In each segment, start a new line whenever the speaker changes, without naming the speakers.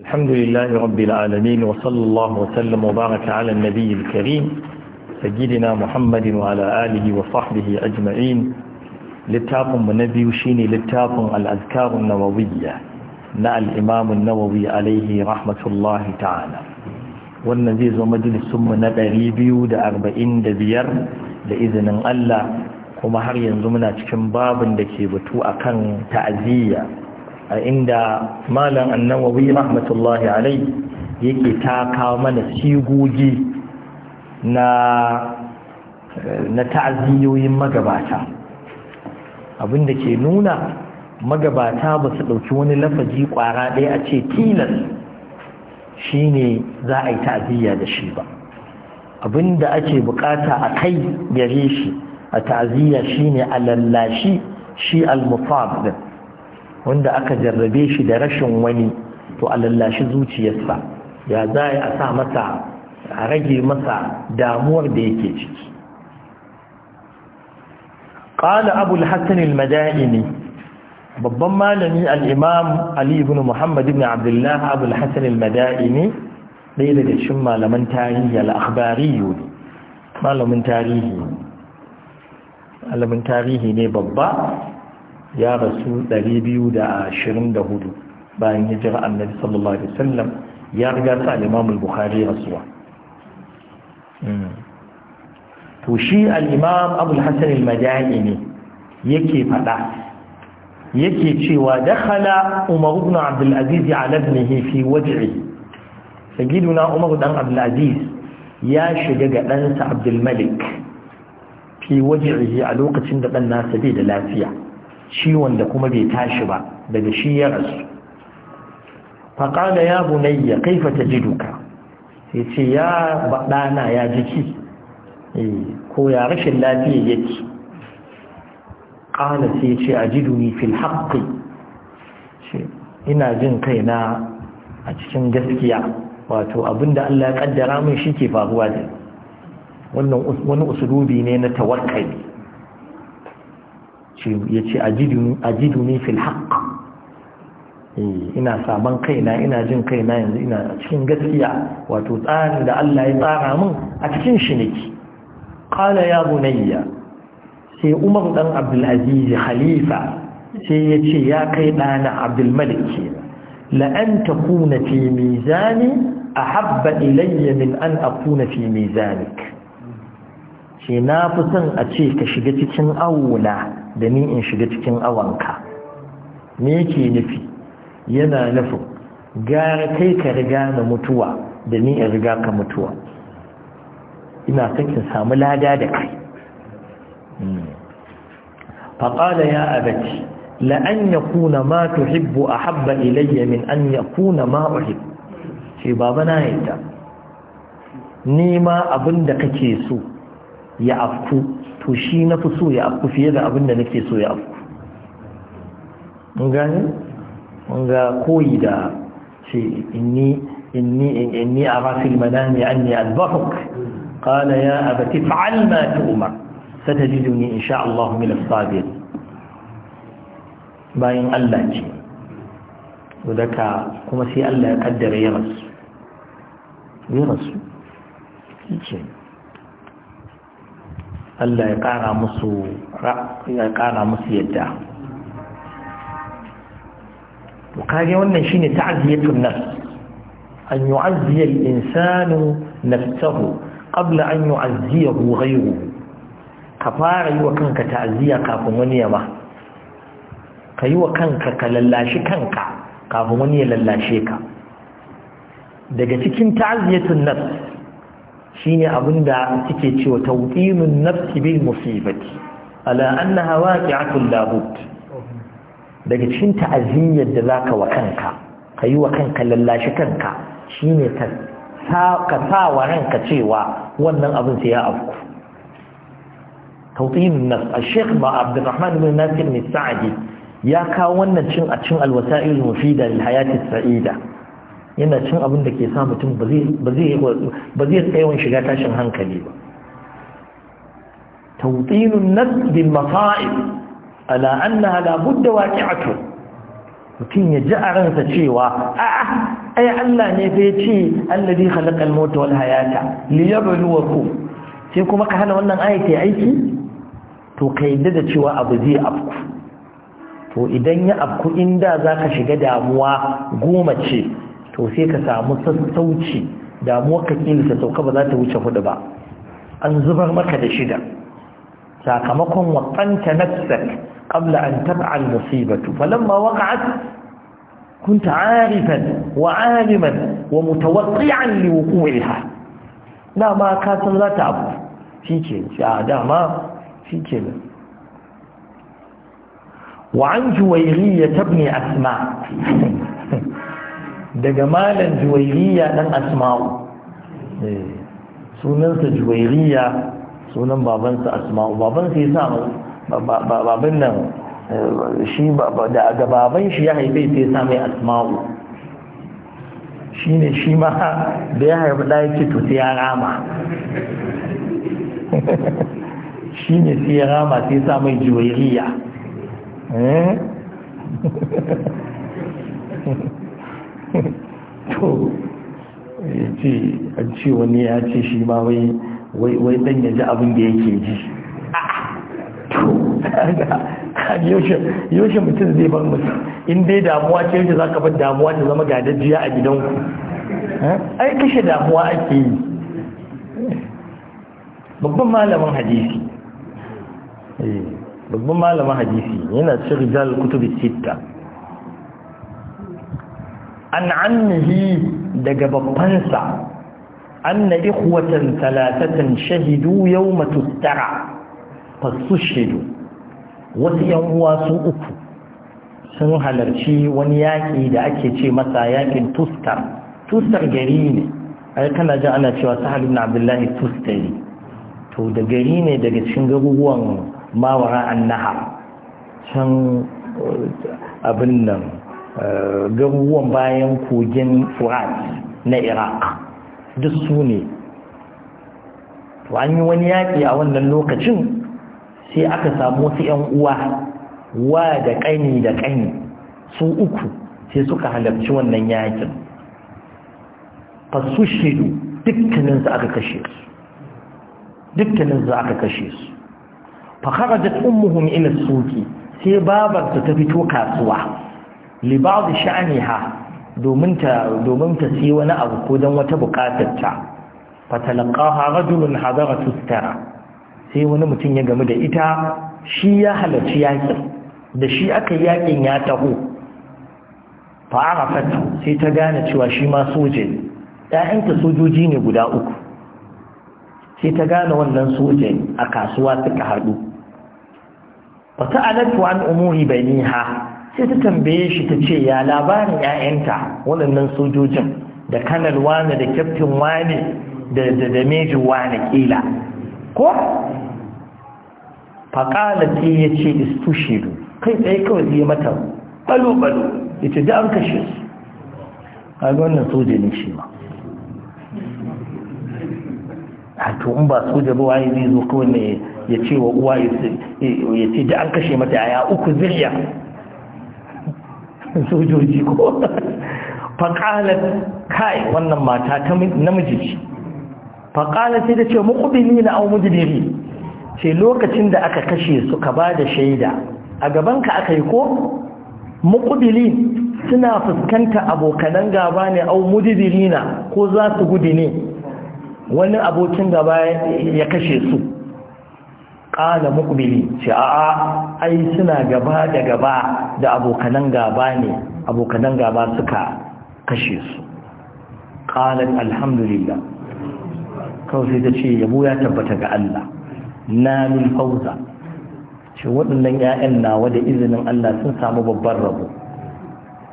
الحمد لله رب العالمين وصلى الله وسلم وبارك على النبي الكريم سيدنا محمد وعلى آله وصحبه أجمعين لتاف منبي شين لتاف الأذكار النووية نا الإمام النووي عليه رحمة الله تعالى والنزيز ومجلس ثم نبري بيود أربعين دبير لإذن الله وما هر ينزمنا تكن باب دكي بتوء كان تعزيه a inda malam annawawi rahmatullahi alai yake taka mana sigogi na na ta'aziyoyin magabata abinda ke nuna magabata ba su ɗauki wani lafazi ƙwara ɗaya a ce tilas shi ne za a yi ta'aziyya da shi ba abinda ake bukata a kai gare shi a ta'aziyya shi ne a lallashi shi al-mufab wanda aka jarrabe shi da rashin wani to a lallashi zuciyarsa ya za a sa masa a rage masa damuwar da yake ciki قال أبو الحسن babban malami al'imam Ali ibn Muhammad ibn Abdullah Abu Hassan al-Mada'ini ɗaya daga cikin malaman tarihi al'akbari yuri malamin tarihi ne babba ya rasu 224 bayan hijira annabi sallallahu alaihi wasallam ya riga sa al-imam al-bukhari rasuwa hmm. to shi al-imam abul hasan al-madani yake fada yake cewa dakhala umar ibn abd al-aziz ala ibnihi fi waj'i sayyiduna umar dan abd al-aziz ya shiga ga ɗansa abdul malik fi waj'ihi a lokacin da dan nasa bai da lafiya ciwon da kuma bai tashi ba daga shi ya rasu faƙala ya bunayya kaifa ta ji duka Ya ce ya baɗana ya jiki eh, ko ya rashin lafiya yake Ƙana sai ce a ji duni fil haƙƙi ina jin kaina a cikin gaskiya wato abinda Allah ya ƙaddara min shi ke faruwa da wannan wani usulubi ne na tawakkali ya ce ajiduni fil haqq eh, ina saban kaina ina jin kaina yanzu ina cikin gaskiya wato tsarin da Allah ya tsara min a cikin shi nake qala ya bunayya sai Umar dan abdulaziz khalifa sai ya ce ya kai dana Abdul Malik kenan la an takuna fi mizani ahabba ilayya min an akuna fi mizanik ce na fi son a ce ka shiga cikin auna. da ni in shiga cikin awanka me yake nufi yana nufin gara kai ka riga na mutuwa da ni in riga ka mutuwa ina son in samu lada da kai hmm. faƙala ya abaci la'an ya kuna ma tuhibbu a habba ilayya min an ya ma uhib baba na yadda ni ma abin da kake so ya afku to shi na fi so ya afku fiye da abin da nake so ya afku mun gane ga koyi da ce inni inni inni ara fil manami anni adbahuk qala ya abati fa'al ma tu'mar satajiduni insha Allah min as-sabir bayan Allah ce daga kuma sai Allah ya kaddara ya rasu ya rasu shi ce Allah ya ƙara musu ya ƙara musu yadda to kage wannan shine ta'ziyatun nafs an yu'azziya al-insanu nafsahu qabla an yu'azziyahu ghayruhu ka fara yi wa kanka ta'ziya kafin wani ya ba ka yi wa kanka ka lallashi kanka kafin wani ya lallashe ka daga cikin ta'ziyatun nafs shine abin da suke cewa tawqimun nafsi bil musibati ala annaha waqi'atun labud daga cikin ta'aziyyar da zaka wa kanka kayi wa kanka lallashi kanka shine ka ka sa wa ranka cewa wannan abin sai ya afku tawqimun nafs al-sheikh ba abdurrahman bin nasir ne sa'di ya kawo wannan cin a cin al-wasa'il mufida lil hayati sa'ida yana cin abin da ke sa mutum ba zai wani shiga tashin hankali ba tautinun na bin mafa'il ala annaha waƙi a to mutum ya ji a ransa cewa a ai Allah ne fa yace zai halakar mota wal hayata ko. sai kuma ka hana wannan ya aiki to ka yi da cewa abu zai afku to idan ya afku inda ka shiga damuwa goma ce to sai ka samu sassauci damuwa ka kila ta sauka ba za ta wuce hudu ba an zubar maka da shida sakamakon na nafsak qabla an tab'al musibatu falamma waqa'at كنت عارفا وعالما ومتوقعا لوقوعها لا ما كان dama تعب شيء شيء ما شيء وعن جويرية ابن أسماء daga malam juwairiya dan asma'u eh, sunansa juwairiya sunan babansa asma'u babansa ya sa baban nan eh, shi daga baban shi ya haife sai ya sa mai asma'u shi ne shi ma da ya haifi ɗaya ce to sai ya rama shi ne sai ya rama sai ya sa mai juwairiya eh? to ce an ce wani ya ce shi ma wai dan ya ji abin da yake ji to yaushe mutum zai bar musu in dai damuwa ce yaushe za ka bar damuwa ta zama gadajiya a gidanku eh? ai kashe damuwa ake yi babban malamin hadisi eh, babban malamin hadisi yana cin rijal kutubin sita an annahi daga babbansa anna ikhwatan talatatan shahidu yawma tustara fastushidu wasu yan uwa su uku sun halarci wani yaƙi da ake ce masa yaƙin tustar tustar gari ne ai kana ji ana cewa sahal ibn abdullahi tustari to da gari ne daga cikin garuruwan mawara annaha can uh, abin nan garuruwan bayan kogin furat na iraq duk su ne an yi wani yaƙi a wannan lokacin sai aka samu wasu 'yan uwa wa da ƙani da ƙani su uku sai suka halarci wannan yaƙin fasu shidu su aka kashe su su aka kashe su fakharajat ummuhum ila suki sai babarta ta fito kasuwa li ba'd sha'niha domin ta domin ta ci wani abu ko dan wata bukatar ta fatalaqaha rajulun hadara tustara sai wani mutum ya gamu da ita shi ya halarci yakin da shi aka yakin ya taho fata sai ta gane cewa shi ma soje ɗayanta sojoji ne guda uku sai ta gane wannan soje a kasuwa suka haɗu wata alatu an umuri ha. sai ta tambaye shi ta ce ya labarin 'ya'yanta waɗannan sojojin da kanal wani da kyaftin wani da da meji wani ƙila ko faƙala ce ya ce istushiru kai tsaye kawai zai mata balo-balo ya ce da an kashe su kaga wannan soja ne shi ma a to in ba soja ba waye zai zo kawai ne ya ce wa uwa ya ce da an kashe mata yaya uku zirya? sojoji ko faƙalar kai wannan mata ta namiji faƙalar sai da ce makubini na au mujidiri ce lokacin da aka kashe su ka ba da shaida a gabanka aka yi ko makubili suna fuskanta abokanan gaba ne au mujidiri na ko za su gudu ne wani abokin gaba ya kashe su ƙala mukbili ce a'a ai suna gaba da gaba da abokanan gaba ne abokanan gaba suka kashe su Ƙalan alhamdulillah kawai sai ta ce yabo ya tabbata ga Allah na min fauza ce waɗannan 'ya'yan nawa da izinin Allah sun samu babban rabo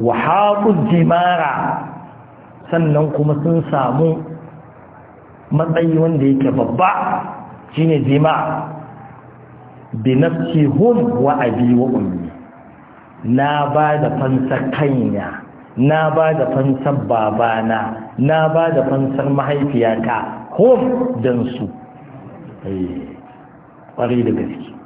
wa haƙun jimara sannan kuma sun samu matsayi wanda yake babba shine jima'a. bi nafsi wa abi wa ummi na ba da fansar kanya na ba da fansar babana na ba da fansar mahaifiyata hum dan su eh, ƙwarai da gaske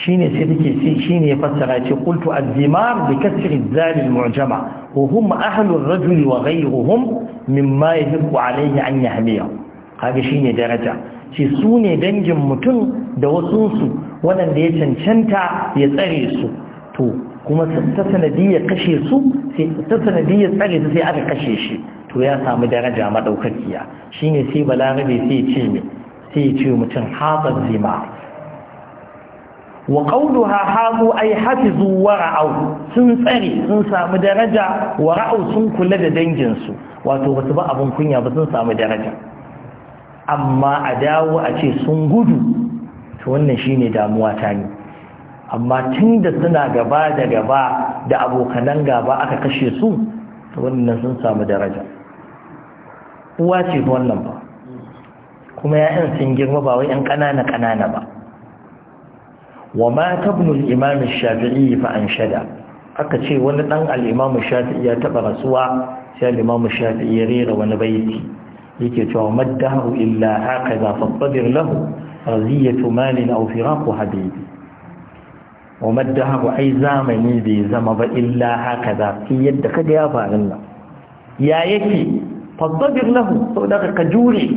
shine sai take shine ya fassara ce qultu az-zimar bi kasri az-zal al-mu'jama wa hum ahlu ar-rajul wa ghayruhum mimma yahiqu alayhi an yahmiya kaga shine daraja ce sune dangin mutum da wasu su wanda ya cancanta ya tsare su to kuma ta sanadiyar kashe su ta sanadiyar tsare su sai aka kashe shi to ya samu daraja madaukakiya shine sai balarabe sai ya ce ne sai ya ce mutum hafa zimar wa qawluha hafu ay hafizu wa ra'aw sun tsare sun samu daraja wa ra'aw sun kula da dangin su wato basu ba abun kunya ba sun samu daraja amma a dawo a ce sun gudu to wannan shine damuwa ta ne amma tunda suna gaba da gaba da abokanan gaba aka kashe su to wannan sun samu daraja uwa ce wannan ba kuma ya'yan sun girma ba wai 'yan ƙanana ƙanana ba wa mata ibn al-imam shafi'i fa anshada aka ce wani dan al-imam shafi'i ya taba rasuwa sai al-imam shafi'i ya rera wani baiti yake cewa maddahu illa hakaza fattadir lahu raziyatu malin aw firaqu habibi wa maddahu ai zamani bai zama ba illa hakaza fi yadda kaga ya faru nan ya yake fattadir lahu saboda ka jure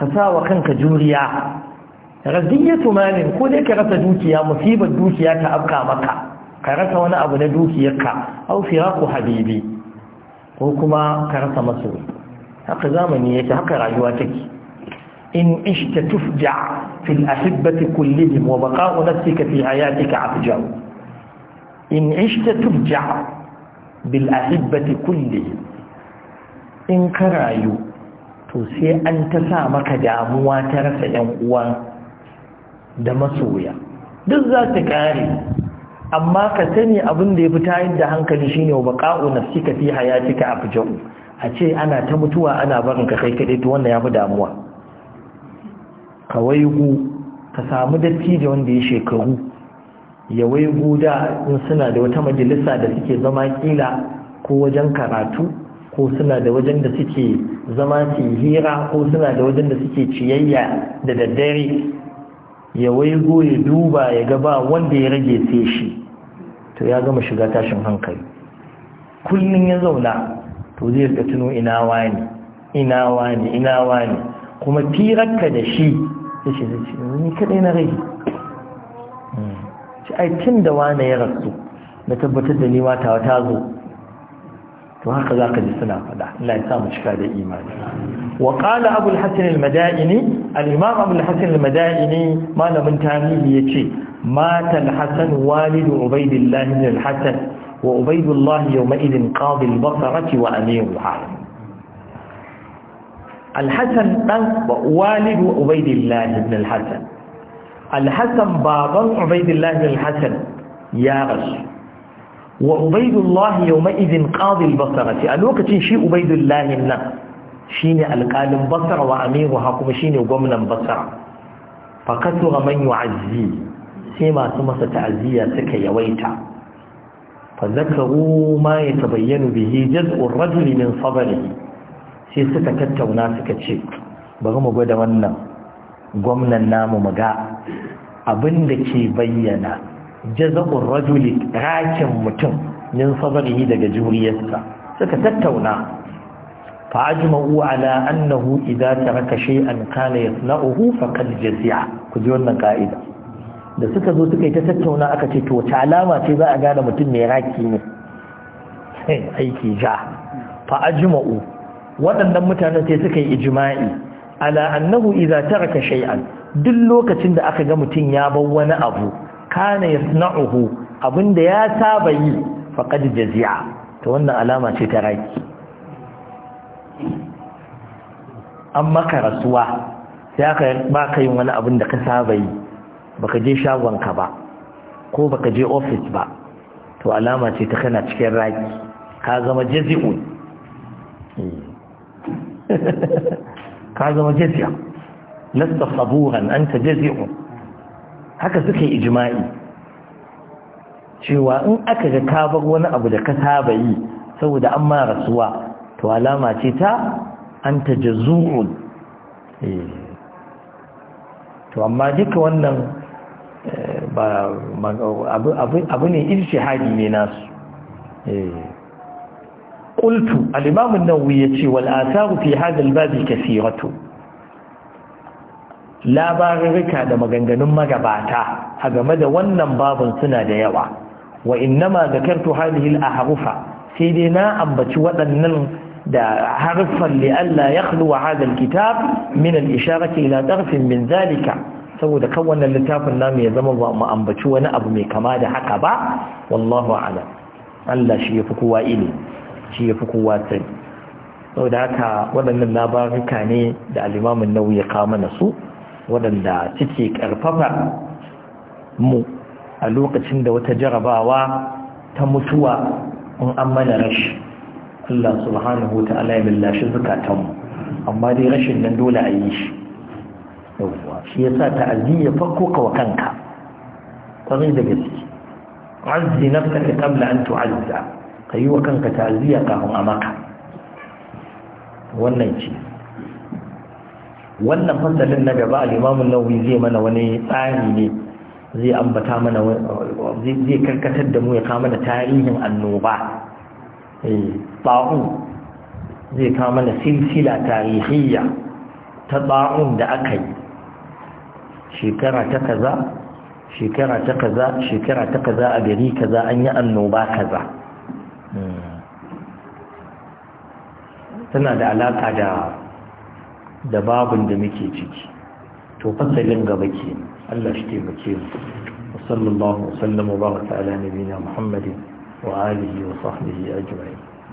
ka sa wa kanka juriya radiyatu malin ko dai ka rasa dukiya musibar dukiya ta afka maka ka rasa wani abu na dukiyarka au firaku habibi ko kuma ka rasa masoyi haka zamani yake haka rayuwa take in ishta tufja fil ahibbati kullihim wa baqa'u nafsika fi hayatika afja'u in ishta tufja bil ahibbati kullihim in ka rayu to sai an ta sa maka damuwa ta rasa yan uwan da masoya duk za ta kare amma ka sani abin da ya fi tayar da hankali shine wa baƙa'u na fi hayatika afjau a ce ana ta mutuwa ana barin ka kai kadai to wannan fi damuwa ka waigu ka samu datti da wanda ya shekaru ya waigu da in suna da wata majalisa da suke zama kila ko wajen karatu ko suna da wajen da suke zama su hira ko suna da wajen da suke ciyayya da daddare ya waigo ya duba ya gaba wanda ya rage sai shi to ya gama shiga tashin hankali kullum ya zauna to zai rika tuno ina wani ina wani ina wani kuma firarka da shi ya ce zai ce ni kaɗai na rage ci hmm. ai tun da wani ya rasu na tabbatar da ni mata ta zo to haka za ka ji suna faɗa Allah ya samu cika da imani wa qala abul hasan al-madaini الإمام أبو الحسن المدائني ما من تاميه يتشي مات الحسن والد عبيد الله بن الحسن وعبيد الله يومئذ قاضي البصرة وأمير العالم الحسن والد عبيد الله بن الحسن الحسن بابا عبيد الله بن الحسن يا رجل وعبيد الله يومئذ قاضي البصرة ألوك تنشي عبيد الله بن الحسن shine alƙalin basra wa amiruha kuma shine gwamnan basra fakatu kasura man yu'azzi sai masu masa ta'aziyya suka yawaita fa zakaru ma yatabayyanu bihi jaz'u ar-rajuli min sabrihi sai suka tattauna suka ce bari mu gwada wannan gwamnan namu muga abinda ke bayyana jaz'ur rajuli rakin mutum min sabrihi daga juriyarsa suka tattauna Fa'ajima'u ala annahu idan فأجمعوا على أنه إذا ترك uhu كان يصنعه فقد جزع wannan قائدة da suka zo suka yi ta tattauna aka ce to wace alama ce za a gane mutum mai raki ne aiki ja fa'ajima'u waɗannan mutanen sai suka yi ijma'i ala annahu idza taraka shay'an duk lokacin da aka ga mutum ya bar wani abu kana uhu abinda ya saba yi faqad jazia ta wannan alama ce ta raki an maka rasuwa sai aka ba ka yin wani abin da ka saba yi baka je shagonka ba ko baka je ofis ba to alama ce ta kana cikin raki ka zama jazi'un ka zama jazi'a lasta saburan ta jazi'un haka suke yi cewa in aka ga ka bar wani abu da ka saba yi saboda an ma rasuwa to alama ce ta an tajazu'un eh. to amma duka wannan eh, abu ne irshihadi ne nasu eh. qultu al nan wuya nawawi yace wal atharu fi hadha al-bab kathiratu da maganganun magabata a game da wannan babin suna da yawa wa innama zakartu hadhihi a ahrufa sai dai na ambaci waɗannan da harfan Allah ya khluwa hadal kitab min al-isharati ila tarfin min zalika saboda kan wannan littafin namu ya zama ba mu ambaci wani abu mai kama da haka ba wallahu a'lam Allah shi yafi kowa ilimi shi yafi kowa sani saboda haka waɗannan labaruka ne da al-Imam an ya kawo mana su waɗanda suke karfafa mu a lokacin da wata jarabawa ta mutuwa in an mana rashi Allah subhanahu wa ta'ala ya billashi zukatanmu amma dai rashin nan dole a yi shi yawwa shi yasa ta'aziyya farko ka wa kanka kwarai da gaske azzi nafsaka kabla an tu'azza kayi wa kanka ya kafin a maka wannan ce wannan fasalin na gaba al-Imam an-Nawawi zai mana wani tsari ne zai ambata mana zai karkatar da mu ya kama da tarihin annoba Ɗa'un eh, zai kawo mana silsila tarihiyya ta ɗa'un da aka yi shekara ta kaza shekara ta kaza shekara ta kaza a gari kaza an yi annoba kaza hmm. tana da alaƙa da da babin da muke ciki to fasalin gaba ke Allah shi taimake mu sallallahu muhammadin وآله وصحبه أجمعين